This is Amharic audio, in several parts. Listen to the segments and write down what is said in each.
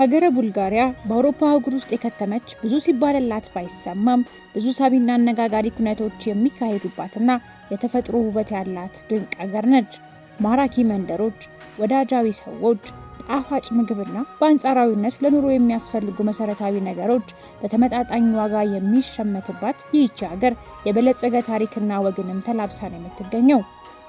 ሀገረ ቡልጋሪያ በአውሮፓ አህጉር ውስጥ የከተመች ብዙ ሲባልላት ባይሰማም ብዙ ሳቢና አነጋጋሪ ኩነቶች የሚካሄዱባትና የተፈጥሮ ውበት ያላት ድንቅ ሀገር ነች። ማራኪ መንደሮች፣ ወዳጃዊ ሰዎች፣ ጣፋጭ ምግብና በአንጻራዊነት ለኑሮ የሚያስፈልጉ መሰረታዊ ነገሮች በተመጣጣኝ ዋጋ የሚሸመትባት ይህቺ ሀገር የበለጸገ ታሪክና ወግንም ተላብሳ ነው የምትገኘው።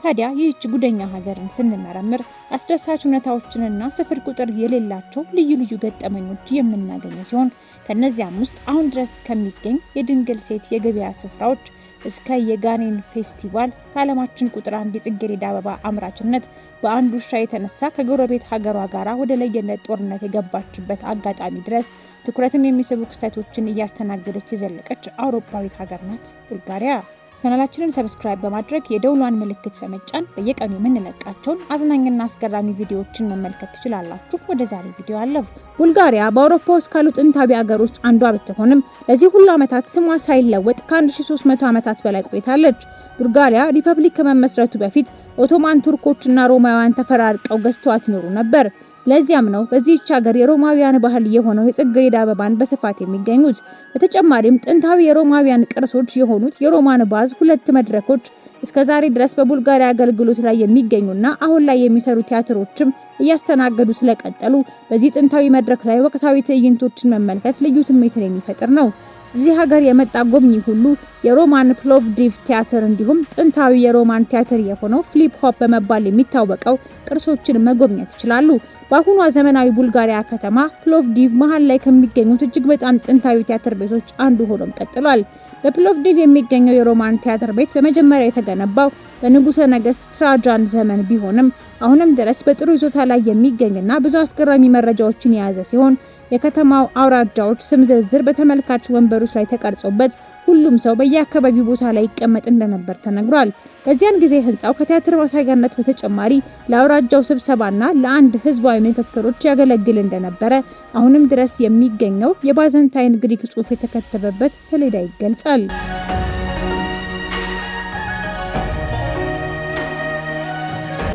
ታዲያ ይህች ጉደኛ ሀገርን ስንመረምር አስደሳች ሁኔታዎችንና ስፍር ቁጥር የሌላቸው ልዩ ልዩ ገጠመኞች የምናገኘ ሲሆን ከእነዚያም ውስጥ አሁን ድረስ ከሚገኝ የድንግል ሴት የገበያ ስፍራዎች እስከ የጋኔን ፌስቲቫል ከዓለማችን ቁጥር አንድ የጽጌረዳ አበባ አምራችነት በአንድ ውሻ የተነሳ ከጎረቤት ሀገሯ ጋር ወደ ለየለት ጦርነት የገባችበት አጋጣሚ ድረስ ትኩረትን የሚስቡ ክስተቶችን እያስተናገደች የዘለቀች አውሮፓዊት ሀገር ናት ቡልጋሪያ። ቻናላችንን ሰብስክራይብ በማድረግ የደውሏን ምልክት በመጫን በየቀኑ የምንለቃቸውን አዝናኝና አስገራሚ ቪዲዮዎችን መመልከት ትችላላችሁ። ወደ ዛሬ ቪዲዮ አለፉ። ቡልጋሪያ በአውሮፓ ውስጥ ካሉ ጥንታዊ ሀገሮች አንዷ ብትሆንም ለዚህ ሁሉ ዓመታት ስሟ ሳይለወጥ ከ1300 ዓመታት በላይ ቆይታለች። ቡልጋሪያ ሪፐብሊክ ከመመስረቱ በፊት ኦቶማን ቱርኮችና ሮማውያን ተፈራርቀው ገዝተዋት ይኖሩ ነበር። ለዚያም ነው በዚህች ሀገር የሮማውያን ባህል የሆነው የጽጌረዳ አበባን በስፋት የሚገኙት። በተጨማሪም ጥንታዊ የሮማውያን ቅርሶች የሆኑት የሮማን ባዝ ሁለት መድረኮች እስከዛሬ ድረስ በቡልጋሪያ አገልግሎት ላይ የሚገኙና አሁን ላይ የሚሰሩ ቲያትሮችም እያስተናገዱ ስለቀጠሉ በዚህ ጥንታዊ መድረክ ላይ ወቅታዊ ትዕይንቶችን መመልከት ልዩ ስሜትን የሚፈጥር ነው። እዚህ ሀገር የመጣ ጎብኚ ሁሉ የሮማን ፕሎቭዲቭ ቲያትር እንዲሁም ጥንታዊ የሮማን ቲያትር የሆነው ፍሊፕ ሆፕ በመባል የሚታወቀው ቅርሶችን መጎብኘት ይችላሉ። በአሁኗ ዘመናዊ ቡልጋሪያ ከተማ ፕሎቭዲቭ መሀል ላይ ከሚገኙት እጅግ በጣም ጥንታዊ ቲያትር ቤቶች አንዱ ሆኖም ቀጥሏል። በፕሎቭዲቭ የሚገኘው የሮማን ቲያትር ቤት በመጀመሪያ የተገነባው በንጉሠ ነገስት ትራጃን ዘመን ቢሆንም አሁንም ድረስ በጥሩ ይዞታ ላይ የሚገኝና ብዙ አስገራሚ መረጃዎችን የያዘ ሲሆን የከተማው አውራዳዎች ስም ዝርዝር በተመልካች ወንበሮች ላይ ተቀርጾበት ሁሉም ሰው በየአካባቢው ቦታ ላይ ይቀመጥ እንደነበር ተነግሯል። በዚያን ጊዜ ህንፃው ከቲያትር ማሳያነት በተጨማሪ ለአውራጃው ስብሰባና ለአንድ ህዝባዊ ምክክሮች ያገለግል እንደነበረ አሁንም ድረስ የሚገኘው የባዘንታይን ግሪክ ጽሑፍ የተከተበበት ሰሌዳ ይገልጻል።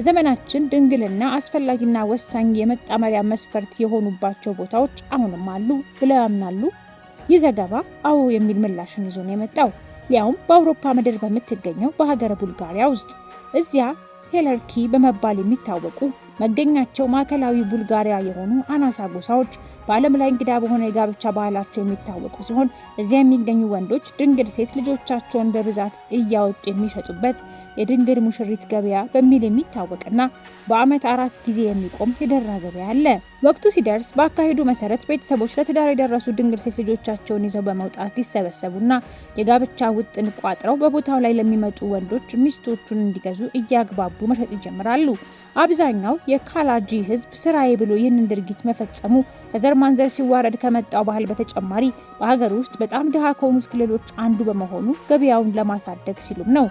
ዘመናችን ድንግልና አስፈላጊና ወሳኝ የመጣመሪያ መስፈርት የሆኑባቸው ቦታዎች አሁንም አሉ ብለው ያምናሉ? ይህ ዘገባ አዎ የሚል ምላሽን ይዞ ነው የመጣው። ሊያውም በአውሮፓ ምድር በምትገኘው በሀገረ ቡልጋሪያ ውስጥ። እዚያ ሄለርኪ በመባል የሚታወቁ መገኛቸው ማዕከላዊ ቡልጋሪያ የሆኑ አናሳ ጎሳዎች በዓለም ላይ እንግዳ በሆነ የጋብቻ ባህላቸው የሚታወቁ ሲሆን እዚያ የሚገኙ ወንዶች ድንግል ሴት ልጆቻቸውን በብዛት እያወጡ የሚሸጡበት የድንግል ሙሽሪት ገበያ በሚል የሚታወቅና በዓመት አራት ጊዜ የሚቆም የደራ ገበያ አለ። ወቅቱ ሲደርስ በአካሄዱ መሰረት ቤተሰቦች ለትዳር የደረሱ ድንግል ሴት ልጆቻቸውን ይዘው በመውጣት ሊሰበሰቡና የጋብቻ ውጥን ቋጥረው በቦታው ላይ ለሚመጡ ወንዶች ሚስቶቹን እንዲገዙ እያግባቡ መሸጥ ይጀምራሉ። አብዛኛው የካላጂ ህዝብ ስራዬ ብሎ ይህንን ድርጊት መፈጸሙ ከዘር ማንዘር ሲዋረድ ከመጣው ባህል በተጨማሪ በሀገር ውስጥ በጣም ድሃ ከሆኑት ክልሎች አንዱ በመሆኑ ገበያውን ለማሳደግ ሲሉም ነው።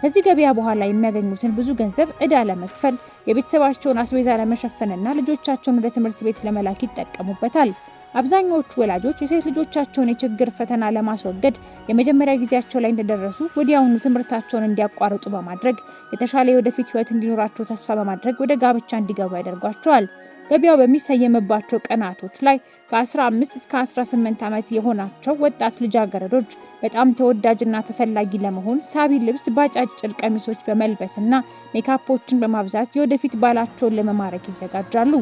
ከዚህ ገበያ በኋላ የሚያገኙትን ብዙ ገንዘብ እዳ ለመክፈል፣ የቤተሰባቸውን አስቤዛ ለመሸፈንና ልጆቻቸውን ወደ ትምህርት ቤት ለመላክ ይጠቀሙበታል። አብዛኛዎቹ ወላጆች የሴት ልጆቻቸውን የችግር ፈተና ለማስወገድ የመጀመሪያ ጊዜያቸው ላይ እንደደረሱ ወዲያውኑ ትምህርታቸውን እንዲያቋርጡ በማድረግ የተሻለ የወደፊት ህይወት እንዲኖራቸው ተስፋ በማድረግ ወደ ጋብቻ እንዲገቡ ያደርጓቸዋል። ገበያው በሚሰየምባቸው ቀናቶች ላይ ከ15 እስከ 18 ዓመት የሆናቸው ወጣት ልጃገረዶች በጣም ተወዳጅና ተፈላጊ ለመሆን ሳቢ ልብስ ባጫጭር ቀሚሶች በመልበስና ሜካፖችን በማብዛት የወደፊት ባላቸውን ለመማረክ ይዘጋጃሉ።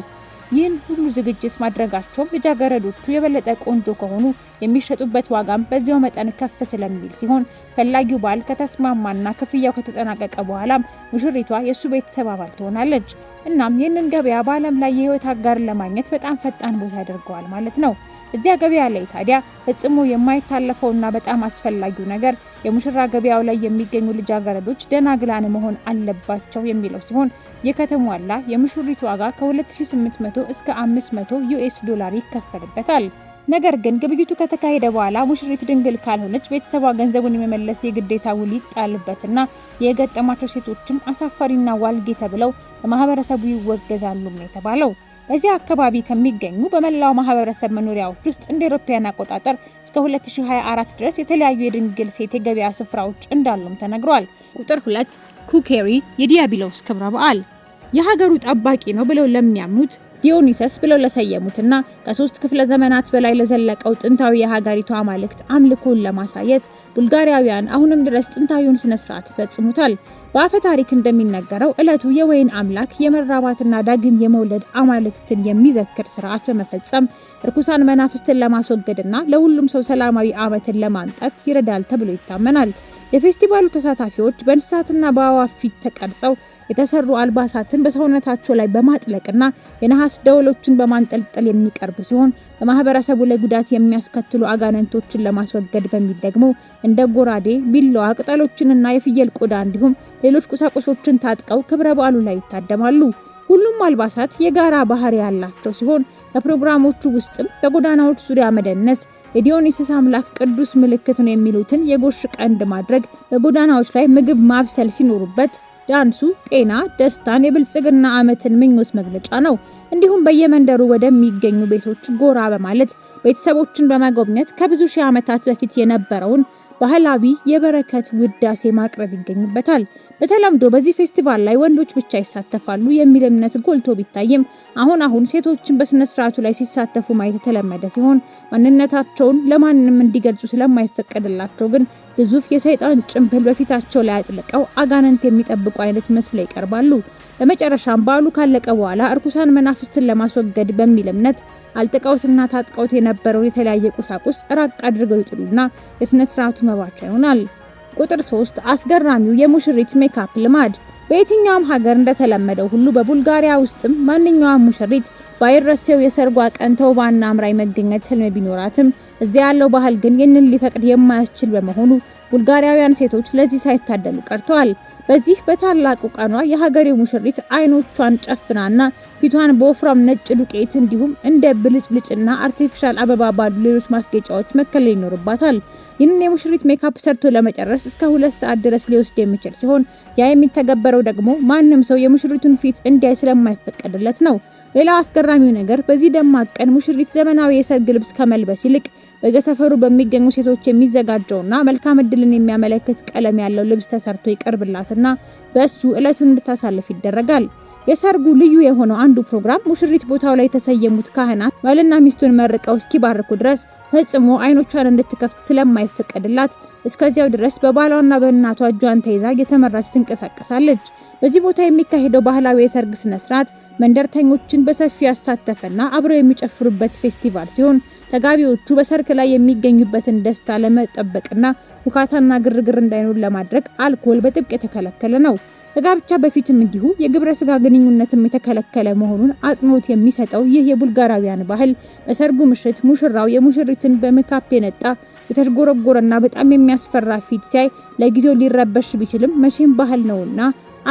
ይህን ሁሉ ዝግጅት ማድረጋቸው ልጃገረዶቹ የበለጠ ቆንጆ ከሆኑ የሚሸጡበት ዋጋም በዚያው መጠን ከፍ ስለሚል ሲሆን ፈላጊው ባል ከተስማማና ክፍያው ከተጠናቀቀ በኋላም ሙሽሪቷ የእሱ ቤተሰብ አባል ትሆናለች። እናም ይህንን ገበያ በዓለም ላይ የህይወት አጋርን ለማግኘት በጣም ፈጣን ቦታ ያደርገዋል ማለት ነው። እዚያ ገበያ ላይ ታዲያ ፈጽሞ የማይታለፈውና በጣም አስፈላጊው ነገር የሙሽራ ገበያው ላይ የሚገኙ ልጃገረዶች ደናግላን መሆን አለባቸው የሚለው ሲሆን የከተሟላ የሙሽሪት ዋጋ ከ2800 እስከ 500 ዩኤስ ዶላር ይከፈልበታል። ነገር ግን ግብይቱ ከተካሄደ በኋላ ሙሽሪት ድንግል ካልሆነች ቤተሰቧ ገንዘቡን የመመለስ የግዴታ ውል ይጣልበትና የገጠማቸው ሴቶችም አሳፋሪና ዋልጌ ተብለው በማህበረሰቡ ይወገዛሉም የተባለው። በዚህ አካባቢ ከሚገኙ በመላው ማህበረሰብ መኖሪያዎች ውስጥ እንደ ኤሮፓያን አቆጣጠር እስከ 2024 ድረስ የተለያዩ የድንግል ሴት የገበያ ስፍራዎች እንዳሉም ተነግሯል። ቁጥር 2 ኩኬሪ የዲያቢሎስ ክብረ በዓል የሀገሩ ጠባቂ ነው ብለው ለሚያምኑት ዲዮኒሰስ ብለው ለሰየሙትና ከሶስት ክፍለ ዘመናት በላይ ለዘለቀው ጥንታዊ የሀገሪቱ አማልክት አምልኮን ለማሳየት ቡልጋሪያውያን አሁንም ድረስ ጥንታዊውን ስነ ስርዓት ይፈጽሙታል። በአፈ ታሪክ እንደሚነገረው እለቱ የወይን አምላክ የመራባትና ዳግም የመውለድ አማልክትን የሚዘክር ስርዓት በመፈጸም እርኩሳን መናፍስትን ለማስወገድና ለሁሉም ሰው ሰላማዊ አመትን ለማምጣት ይረዳል ተብሎ ይታመናል። የፌስቲቫሉ ተሳታፊዎች በእንስሳትና በአዋፍ ፊት ተቀርጸው የተሰሩ አልባሳትን በሰውነታቸው ላይ በማጥለቅና የነሐስ ደወሎችን በማንጠልጠል የሚቀርቡ ሲሆን በማህበረሰቡ ላይ ጉዳት የሚያስከትሉ አጋነንቶችን ለማስወገድ በሚል ደግሞ እንደ ጎራዴ፣ ቢላዋ፣ ቅጠሎችንና የፍየል ቆዳ እንዲሁም ሌሎች ቁሳቁሶችን ታጥቀው ክብረ በዓሉ ላይ ይታደማሉ። ሁሉም አልባሳት የጋራ ባህሪ ያላቸው ሲሆን ከፕሮግራሞቹ ውስጥም በጎዳናዎች ዙሪያ መደነስ፣ የዲዮኒስስ አምላክ ቅዱስ ምልክት ነው የሚሉትን የጎሽ ቀንድ ማድረግ፣ በጎዳናዎች ላይ ምግብ ማብሰል ሲኖሩበት ዳንሱ ጤና፣ ደስታን፣ የብልጽግና ዓመትን ምኞት መግለጫ ነው። እንዲሁም በየመንደሩ ወደሚገኙ ቤቶች ጎራ በማለት ቤተሰቦችን በመጎብኘት ከብዙ ሺህ ዓመታት በፊት የነበረውን ባህላዊ የበረከት ውዳሴ ማቅረብ ይገኝበታል። በተለምዶ በዚህ ፌስቲቫል ላይ ወንዶች ብቻ ይሳተፋሉ የሚል እምነት ጎልቶ ቢታይም አሁን አሁን ሴቶችን በስነ ስርዓቱ ላይ ሲሳተፉ ማየት የተለመደ ሲሆን ማንነታቸውን ለማንም እንዲገልጹ ስለማይፈቀድላቸው ግን ግዙፍ የሰይጣን ጭምብል በፊታቸው ላይ አጥልቀው አጋንንት የሚጠብቁ አይነት መስለው ይቀርባሉ። በመጨረሻም በዓሉ ካለቀ በኋላ እርኩሳን መናፍስትን ለማስወገድ በሚል እምነት አልጥቀውትና ታጥቀውት የነበረውን የተለያየ ቁሳቁስ ራቅ አድርገው ይጥሉና የስነ ሥርዓቱ መባቻ ይሆናል። ቁጥር 3 አስገራሚው የሙሽሪት ሜካፕ ልማድ በየትኛውም ሀገር እንደተለመደው ሁሉ በቡልጋሪያ ውስጥም ማንኛውም ሙሽሪት ባይረሴው የሰርጓ ቀን ተውባና አምራይ መገኘት ህልም ቢኖራትም እዚያ ያለው ባህል ግን ይህንን ሊፈቅድ የማያስችል በመሆኑ ቡልጋሪያውያን ሴቶች ለዚህ ሳይታደሉ ቀርተዋል። በዚህ በታላቁ ቀኗ የሀገሬው ሙሽሪት አይኖቿን ጨፍናና ፊቷን በወፍራም ነጭ ዱቄት እንዲሁም እንደ ብልጭልጭና አርቲፊሻል አበባ ባሉ ሌሎች ማስጌጫዎች መከለል ይኖርባታል። ይህንን የሙሽሪት ሜካፕ ሰርቶ ለመጨረስ እስከ ሁለት ሰዓት ድረስ ሊወስድ የሚችል ሲሆን ያ የሚተገበረው ደግሞ ማንም ሰው የሙሽሪቱን ፊት እንዲያይ ስለማይፈቀድለት ነው። ሌላው አስገራሚው ነገር በዚህ ደማቅ ቀን ሙሽሪት ዘመናዊ የሰርግ ልብስ ከመልበስ ይልቅ በየሰፈሩ በሚገኙ ሴቶች የሚዘጋጀውና መልካም እድልን የሚያመለክት ቀለም ያለው ልብስ ተሰርቶ ይቀርብላትና በእሱ እለቱን እንድታሳልፍ ይደረጋል። የሰርጉ ልዩ የሆነው አንዱ ፕሮግራም ሙሽሪት ቦታው ላይ የተሰየሙት ካህናት ባልና ሚስቱን መርቀው እስኪባርኩ ድረስ ፈጽሞ አይኖቿን እንድትከፍት ስለማይፈቀድላት እስከዚያው ድረስ በባሏና በእናቷ እጇን ተይዛ እየተመራች ትንቀሳቀሳለች። በዚህ ቦታ የሚካሄደው ባህላዊ የሰርግ ስነ ስርዓት መንደርተኞችን በሰፊው ያሳተፈና አብረው የሚጨፍሩበት ፌስቲቫል ሲሆን ተጋቢዎቹ በሰርግ ላይ የሚገኙበትን ደስታ ለመጠበቅና ውካታና ግርግር እንዳይኖር ለማድረግ አልኮል በጥብቅ የተከለከለ ነው። ከጋብቻ በፊትም እንዲሁ የግብረ ስጋ ግንኙነትም የተከለከለ መሆኑን አጽንኦት የሚሰጠው ይህ የቡልጋራውያን ባህል በሰርጉ ምሽት ሙሽራው የሙሽሪትን በሜካፕ የነጣ የተሽጎረጎረና በጣም የሚያስፈራ ፊት ሲያይ ለጊዜው ሊረበሽ ቢችልም መቼም ባህል ነውና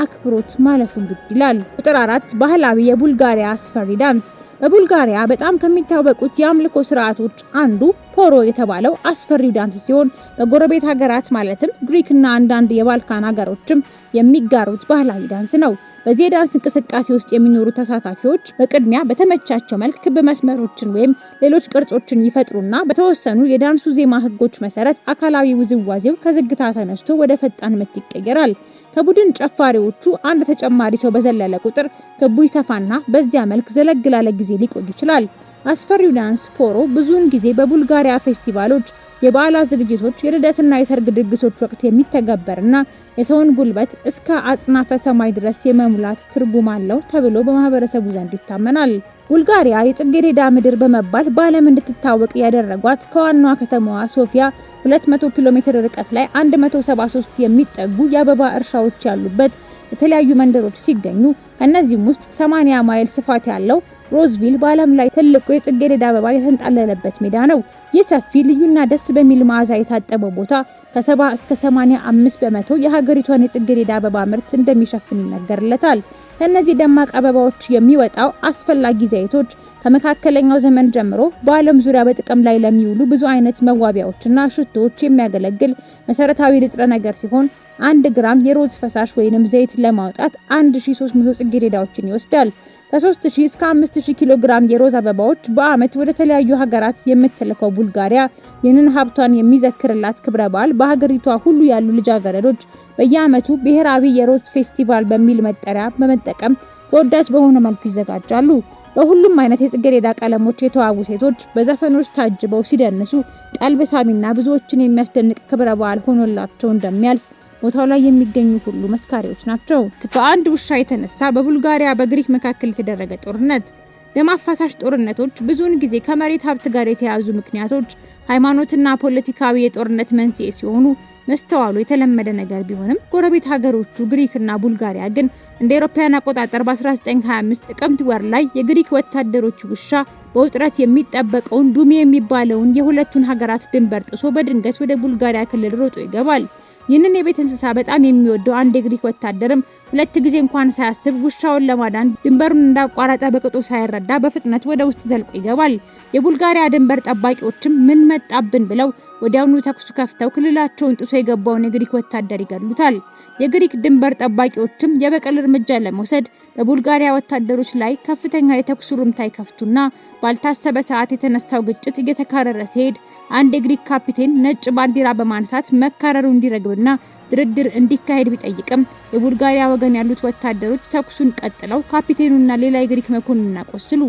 አክብሮት ማለፉን ግድ ይላል። ቁጥር አራት ባህላዊ የቡልጋሪያ አስፈሪ ዳንስ። በቡልጋሪያ በጣም ከሚታወቁት የአምልኮ ስርዓቶች አንዱ ፖሮ የተባለው አስፈሪ ዳንስ ሲሆን በጎረቤት ሀገራት ማለትም ግሪክና አንዳንድ የባልካን ሀገሮችም የሚጋሩት ባህላዊ ዳንስ ነው። በዚህ የዳንስ እንቅስቃሴ ውስጥ የሚኖሩ ተሳታፊዎች በቅድሚያ በተመቻቸው መልክ ክብ መስመሮችን ወይም ሌሎች ቅርጾችን ይፈጥሩና በተወሰኑ የዳንሱ ዜማ ህጎች መሰረት አካላዊ ውዝዋዜው ከዝግታ ተነስቶ ወደ ፈጣን ምት ይቀየራል። ከቡድን ጨፋሪዎቹ አንድ ተጨማሪ ሰው በዘለለ ቁጥር ክቡ ይሰፋና በዚያ መልክ ዘለግ ላለ ጊዜ ሊቆይ ይችላል። አስፈሪው ዳንስ ፖሮ ብዙውን ጊዜ በቡልጋሪያ ፌስቲቫሎች፣ የበዓላት ዝግጅቶች፣ የልደትና የሰርግ ድግሶች ወቅት የሚተገበርና የሰውን ጉልበት እስከ አጽናፈ ሰማይ ድረስ የመሙላት ትርጉም አለው ተብሎ በማህበረሰቡ ዘንድ ይታመናል። ቡልጋሪያ የጽጌሬዳ ምድር በመባል በዓለም እንድትታወቅ ያደረጓት ከዋናዋ ከተማዋ ሶፊያ 200 ኪሎ ሜትር ርቀት ላይ 173 የሚጠጉ የአበባ እርሻዎች ያሉበት የተለያዩ መንደሮች ሲገኙ ከእነዚህም ውስጥ 80 ማይል ስፋት ያለው ሮዝቪል በዓለም ላይ ትልቁ የጽጌሬዳ አበባ የተንጣለለበት ሜዳ ነው። ይህ ሰፊ ልዩና ደስ በሚል መዓዛ የታጠበው ቦታ ከ70 እስከ 85 በመቶ የሀገሪቷን የጽጌረዳ አበባ ምርት እንደሚሸፍን ይነገርለታል። ከእነዚህ ደማቅ አበባዎች የሚወጣው አስፈላጊ ዘይቶች ከመካከለኛው ዘመን ጀምሮ በዓለም ዙሪያ በጥቅም ላይ ለሚውሉ ብዙ አይነት መዋቢያዎችና ሽቶዎች የሚያገለግል መሰረታዊ ንጥረ ነገር ሲሆን አንድ ግራም የሮዝ ፈሳሽ ወይንም ዘይት ለማውጣት 1300 ጽጌረዳዎችን ይወስዳል። ከ3000 እስከ 5000 ኪሎ ግራም የሮዝ አበባዎች በዓመት ወደ ተለያዩ ሀገራት የምትልከው ቡልጋሪያ ይህንን ሀብቷን የሚዘክርላት ክብረ በዓል በሀገሪቷ ሁሉ ያሉ ልጃገረዶች በየዓመቱ ብሔራዊ የሮዝ ፌስቲቫል በሚል መጠሪያ በመጠቀም ተወዳጅ በሆነ መልኩ ይዘጋጃሉ። በሁሉም አይነት የጽጌረዳ ቀለሞች የተዋቡ ሴቶች በዘፈኖች ታጅበው ሲደንሱ ቀልብ ሳቢና ብዙዎችን የሚያስደንቅ ክብረ በዓል ሆኖላቸው እንደሚያልፍ ቦታው ላይ የሚገኙ ሁሉ መስካሪዎች ናቸው። በአንድ ውሻ የተነሳ በቡልጋሪያ በግሪክ መካከል የተደረገ ጦርነት። ደም አፋሳሽ ጦርነቶች ብዙውን ጊዜ ከመሬት ሀብት ጋር የተያያዙ ምክንያቶች ሃይማኖትና ፖለቲካዊ የጦርነት መንስኤ ሲሆኑ መስተዋሉ የተለመደ ነገር ቢሆንም ጎረቤት ሀገሮቹ ግሪክና ቡልጋሪያ ግን እንደ አውሮፓውያን አቆጣጠር በ1925 ጥቅምት ወር ላይ የግሪክ ወታደሮች ውሻ በውጥረት የሚጠበቀውን ዱሜ የሚባለውን የሁለቱን ሀገራት ድንበር ጥሶ በድንገት ወደ ቡልጋሪያ ክልል ሮጦ ይገባል። ይህንን የቤት እንስሳ በጣም የሚወደው አንድ የግሪክ ወታደርም ሁለት ጊዜ እንኳን ሳያስብ ውሻውን ለማዳን ድንበሩን እንዳቋረጠ በቅጡ ሳይረዳ በፍጥነት ወደ ውስጥ ዘልቆ ይገባል። የቡልጋሪያ ድንበር ጠባቂዎችም ምን መጣብን ብለው ወዲያውኑ ተኩስ ከፍተው ክልላቸውን ጥሶ የገባውን የግሪክ ወታደር ይገድሉታል። የግሪክ ድንበር ጠባቂዎችም የበቀል እርምጃ ለመውሰድ በቡልጋሪያ ወታደሮች ላይ ከፍተኛ የተኩስ ሩምታ ይከፍቱና ባልታሰበ ሰዓት የተነሳው ግጭት እየተካረረ ሲሄድ አንድ የግሪክ ካፒቴን ነጭ ባንዲራ በማንሳት መካረሩ እንዲረግብና ድርድር እንዲካሄድ ቢጠይቅም የቡልጋሪያ ወገን ያሉት ወታደሮች ተኩሱን ቀጥለው ካፒቴኑና ሌላ የግሪክ መኮንና ቆስሉ።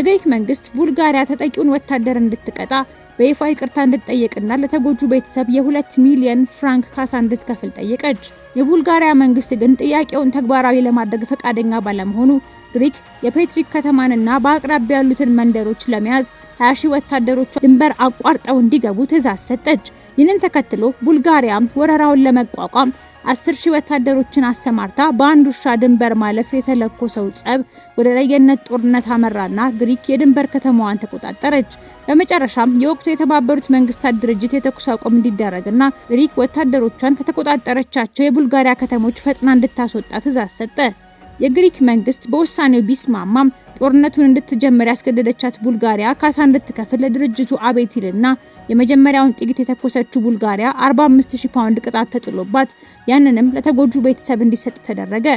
የግሪክ መንግስት ቡልጋሪያ ተጠቂውን ወታደር እንድትቀጣ በይፋ ይቅርታ እንድትጠየቅና ለተጎጁ ቤተሰብ የሁለት ሚሊዮን ፍራንክ ካሳ እንድትከፍል ጠየቀች። የቡልጋሪያ መንግስት ግን ጥያቄውን ተግባራዊ ለማድረግ ፈቃደኛ ባለመሆኑ ግሪክ የፔትሪክ ከተማንና በአቅራቢያ ያሉትን መንደሮች ለመያዝ 20 ሺህ ወታደሮቿ ድንበር አቋርጠው እንዲገቡ ትእዛዝ ሰጠች። ይህንን ተከትሎ ቡልጋሪያ ወረራውን ለመቋቋም አስር ሺህ ወታደሮችን አሰማርታ በአንድ ውሻ ድንበር ማለፍ የተለኮሰው ጸብ ወደ ለየነት ጦርነት አመራና ግሪክ የድንበር ከተማዋን ተቆጣጠረች። በመጨረሻም የወቅቱ የተባበሩት መንግስታት ድርጅት የተኩስ አቁም እንዲደረግና ግሪክ ወታደሮቿን ከተቆጣጠረቻቸው የቡልጋሪያ ከተሞች ፈጥና እንድታስወጣ ትእዛዝ ሰጠ። የግሪክ መንግስት በውሳኔው ቢስማማም ጦርነቱን እንድትጀምር ያስገደደቻት ቡልጋሪያ ካሳ እንድትከፍል ለድርጅቱ አቤት ይልና የመጀመሪያውን ጥይት የተኮሰችው ቡልጋሪያ 45000 ፓውንድ ቅጣት ተጥሎባት ያንንም ለተጎጁ ቤተሰብ እንዲሰጥ ተደረገ።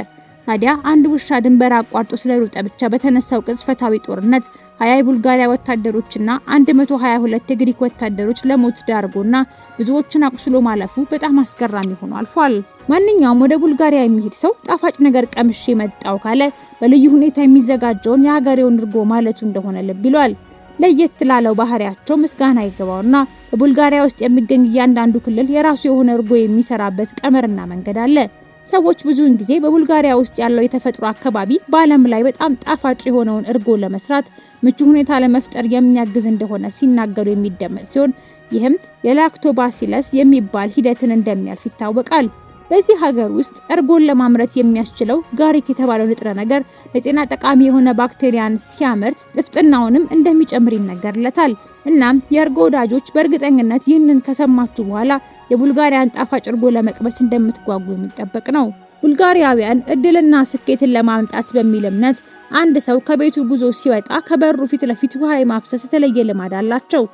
ታዲያ አንድ ውሻ ድንበር አቋርጦ ስለሩጠ ብቻ በተነሳው ቅጽፈታዊ ጦርነት ሀያ የቡልጋሪያ ወታደሮችና 122 የግሪክ ወታደሮች ለሞት ዳርጎና ብዙዎችን አቁስሎ ማለፉ በጣም አስገራሚ ሆኖ አልፏል። ማንኛውም ወደ ቡልጋሪያ የሚሄድ ሰው ጣፋጭ ነገር ቀምሼ መጣው ካለ በልዩ ሁኔታ የሚዘጋጀውን የሀገሬውን እርጎ ማለቱ እንደሆነ ልብ ይሏል። ለየት ላለው ባህሪያቸው ምስጋና ይገባውና በቡልጋሪያ ውስጥ የሚገኝ እያንዳንዱ ክልል የራሱ የሆነ እርጎ የሚሰራበት ቀመርና መንገድ አለ። ሰዎች ብዙውን ጊዜ በቡልጋሪያ ውስጥ ያለው የተፈጥሮ አካባቢ በዓለም ላይ በጣም ጣፋጭ የሆነውን እርጎ ለመስራት ምቹ ሁኔታ ለመፍጠር የሚያግዝ እንደሆነ ሲናገሩ የሚደመጥ ሲሆን ይህም የላክቶባሲለስ የሚባል ሂደትን እንደሚያልፍ ይታወቃል። በዚህ ሀገር ውስጥ እርጎን ለማምረት የሚያስችለው ጋሪክ የተባለው ንጥረ ነገር ለጤና ጠቃሚ የሆነ ባክቴሪያን ሲያመርት ጥፍጥናውንም እንደሚጨምር ይነገርለታል። እናም የእርጎ ወዳጆች በእርግጠኝነት ይህንን ከሰማችሁ በኋላ የቡልጋሪያን ጣፋጭ እርጎ ለመቅመስ እንደምትጓጉ የሚጠበቅ ነው። ቡልጋሪያውያን እድልና ስኬትን ለማምጣት በሚል እምነት አንድ ሰው ከቤቱ ጉዞ ሲወጣ ከበሩ ፊት ለፊት ውሃ የማፍሰስ የተለየ ልማድ አላቸው።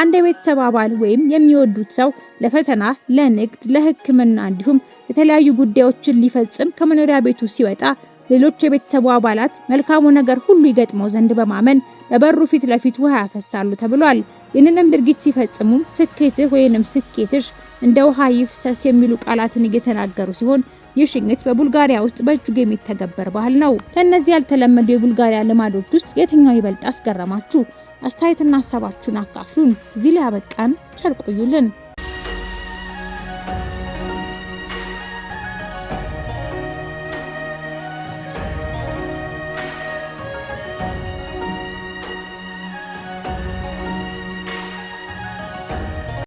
አንድ የቤተሰብ አባል ወይም የሚወዱት ሰው ለፈተና፣ ለንግድ፣ ለሕክምና እንዲሁም የተለያዩ ጉዳዮችን ሊፈጽም ከመኖሪያ ቤቱ ሲወጣ ሌሎች የቤተሰቡ አባላት መልካሙ ነገር ሁሉ ይገጥመው ዘንድ በማመን በበሩ ፊት ለፊት ውሃ ያፈሳሉ ተብሏል። ይህንንም ድርጊት ሲፈጽሙ ስኬትህ ወይንም ስኬትሽ እንደ ውሃ ይፍሰስ የሚሉ ቃላትን እየተናገሩ ሲሆን ይህ ሽኝት በቡልጋሪያ ውስጥ በእጅጉ የሚተገበር ባህል ነው። ከእነዚህ ያልተለመዱ የቡልጋሪያ ልማዶች ውስጥ የትኛው ይበልጥ አስገረማችሁ? አስተያየትና ሀሳባችሁን አካፍሉን። እዚህ ላይ ያበቃን። ቸር ቆዩልን።